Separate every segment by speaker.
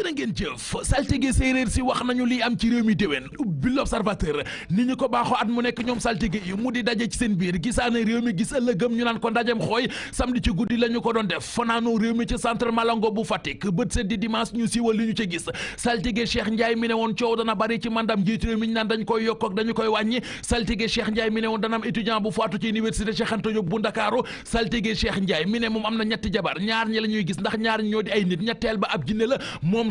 Speaker 1: jërë ngeen jëf saltige séeréer si wax nañu li am ci réew mi déwén ubbi l'observateur ni ñu ko baaxoo at mu nekk ñoom saltige yi mu di daje ci seen biir gisaane réew mi gis ëllëgëm ñu naan ko ndajem xooy samedi ci guddi la ñu ko doon def fanaanoo réew mi ci centre Malango bu Fatick bët set di dimanche ñu siiwal li ñu ci gis saltige Cheikh Ndiaye mi ne woon coow dana bari ci mandam njiitu réew mi ñu naan dañ koy yokk dañu koy wàññi saltige Cheikh Ndiaye mi ne woon dana am bu faatu ci université Cheikh Anta Diop bu moom am na ñetti jabar ñaar ñi la ñuy gis ndax ñaar ñoo ay nit ñetteel ba la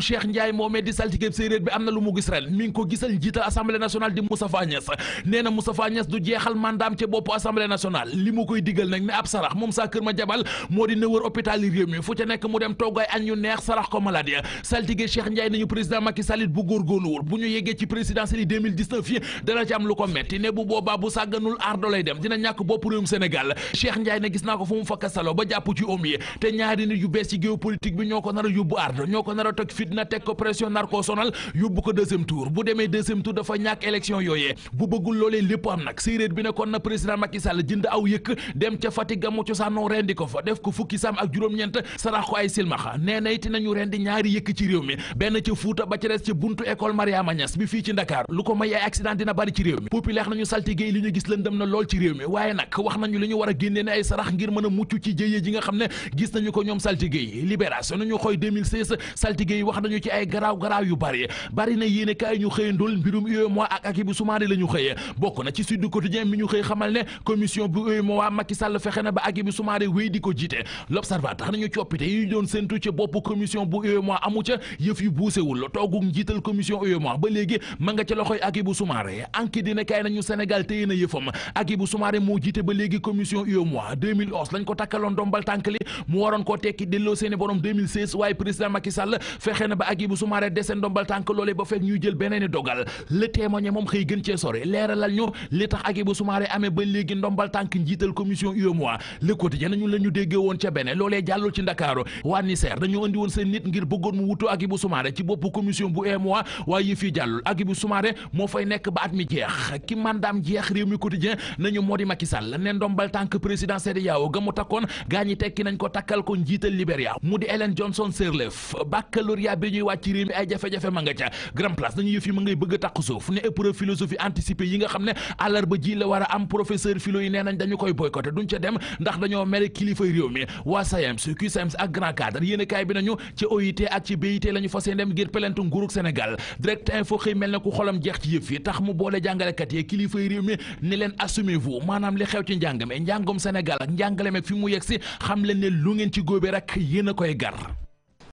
Speaker 1: moom Cheikh moomee di saltigéb séeréer bi am na lu mu gis ren mi ko gisal njiital assemblée nationale di Moustapha Niass nee na Moustapha du jeexal mandaam ca bopp assemblée nationale li mu koy digal nag ne ab sarax moom saa kër ma jabal moo di wër hôpital réew mi fu ca nekk mu dem toggaay añ yu neex sarax ko malade ya saltigé Cheikh nañu président Macky Sall bu góorgóorluwul bu lu ko bu boobaa bu ba jàpp ci om yi te ñaari nit yu bees ci fitna teg ko pression nar koo sonal yóbbu ko deuxième tour bu demee deuxième tour dafa ñàkk élection yooyee bu bëggul loolee lépp am nag séeréer bi ne kon na président Macky Sall jënd aw yëkk dem ca Fatick gamu cosaanoo rendi ko fa def ko fukki saam ak juróom-ñeent sarax ko ay silmaxa nee na it nañu rendi ñaari yëkk ci réew mi benn ca Fuuta ba ca ca buntu école Mariama Niass bi fii ci Dakar lu ko may ay accident dina bari ci réew mi populaire nañu na lool ci réew mi waaye nag wax nañu li ñu war a ne ay sarax ngir mën a mucc ci jëye ji nga ko ñoom saltige yi libération wax nañu ci ay garaaw garaaw yu bari bari na yéene kaay ñu xëyandul mbirum UEMOA ak Hadjibou Soumaré la ñu xëyee bokk na ci Sud Quotidien mi ñu xëy xamal ne commission bu UEMOA Macky Sall fexe na ba Hadjibou Soumaré wéy di ko jiite l'observateur nañu coppite yi ñu doon séntu ci bopp commission bu UEMOA amu ca yëf yu buusewul toogu njiital commission UEMOA ba léegi ma nga ca loxoy Hadjibou Soumaré enquête dina kaay nañu Sénégal téye na yëfam Hadjibou Soumaré moo jiite ba léegi commission UEMOA fexe na ba Hadjibou Soumaré dese ndombal tànk loolee ba fekk ñuy jël beneen dogal le témoigné moom nañu la woon seen nit ngir bëggoon mu wutu Hadjibou Soumaré ci bopp commission bu UEMOA waaye yëf yi jàllul Hadjibou Soumaré moo fay nekk ba at mi jeex ki mandaam jeex réew mi quotidien nañu moo di Macky Sall ne ndombal tànk président CEDEAO ga mu takkoon gaa ñi tekki nañ ko takkal ko njiital Libéria mu di Ellen Johnson Sirleaf baccalauréat média bi ñuy wàcc réew mi ay jafe-jafe ma nga ca grand place nañu yëf yi ma ngay bëgg a tàq suuf ne épreuve philosophie anticipée yi nga xam ne àllarba ji la war a am professeur philo yi nee nañ dañu koy boycotté duñ ca dem ndax dañoo mere kilifay réew mi waa SAEMS CUSEMS ak grand cadre yéen kaay bi nañu ci OIT ak ci BIT la ñu fas yéene dem ngir pelente nguurug Sénégal direct info xëy mel ne ku xolam jeex ci yëf yi tax mu boole jàngalekat yi kilifay réew mi ni leen assumez vous maanaam li xew ci njàngame njàngom Sénégal ak njàngale meeg fi mu yegg si xam leen ne lu ngeen ci góobe rek yéen a koy gar